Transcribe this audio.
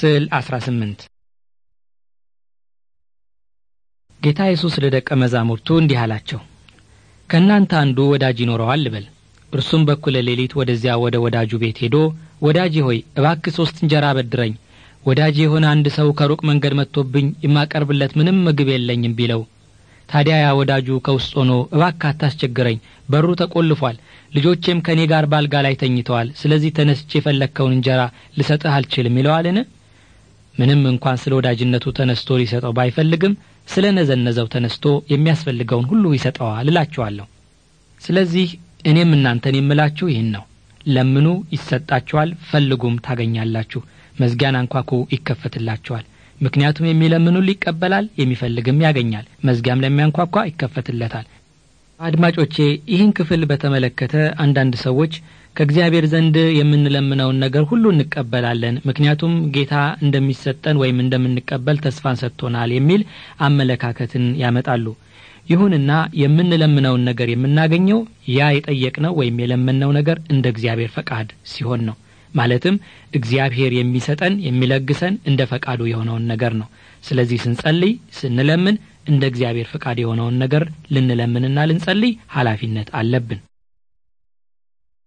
ስዕል 18 ጌታ ኢየሱስ ለደቀ መዛሙርቱ እንዲህ አላቸው፣ ከእናንተ አንዱ ወዳጅ ይኖረዋል ልበል። እርሱም በኩለ ሌሊት ወደዚያ ወደ ወዳጁ ቤት ሄዶ ወዳጄ ሆይ እባክህ ሦስት እንጀራ አበድረኝ፣ ወዳጄ የሆነ አንድ ሰው ከሩቅ መንገድ መጥቶብኝ የማቀርብለት ምንም ምግብ የለኝም ቢለው፣ ታዲያ ያ ወዳጁ ከውስጥ ሆኖ እባክህ አታስቸግረኝ፣ በሩ ተቆልፏል፣ ልጆቼም ከእኔ ጋር ባልጋ ላይ ተኝተዋል፣ ስለዚህ ተነስቼ የፈለግከውን እንጀራ ልሰጥህ አልችልም ይለዋልን? ምንም እንኳን ስለ ወዳጅነቱ ተነስቶ ሊሰጠው ባይፈልግም ስለ ነዘነዘው ተነስቶ የሚያስፈልገውን ሁሉ ይሰጠዋል እላችኋለሁ። ስለዚህ እኔም እናንተን የምላችሁ ይህን ነው፣ ለምኑ ይሰጣችኋል፣ ፈልጉም ታገኛላችሁ፣ መዝጊያን አንኳኩ ይከፈትላችኋል። ምክንያቱም የሚለምኑል ይቀበላል፣ የሚፈልግም ያገኛል፣ መዝጊያም ለሚያንኳኳ ይከፈትለታል። አድማጮቼ ይህን ክፍል በተመለከተ አንዳንድ ሰዎች ከእግዚአብሔር ዘንድ የምንለምነውን ነገር ሁሉ እንቀበላለን ምክንያቱም ጌታ እንደሚሰጠን ወይም እንደምንቀበል ተስፋን ሰጥቶናል የሚል አመለካከትን ያመጣሉ ይሁንና የምንለምነውን ነገር የምናገኘው ያ የጠየቅነው ወይም የለመነው ነገር እንደ እግዚአብሔር ፈቃድ ሲሆን ነው ማለትም እግዚአብሔር የሚሰጠን የሚለግሰን እንደ ፈቃዱ የሆነውን ነገር ነው ስለዚህ ስንጸልይ ስንለምን እንደ እግዚአብሔር ፈቃድ የሆነውን ነገር ልንለምንና ልንጸልይ ኃላፊነት አለብን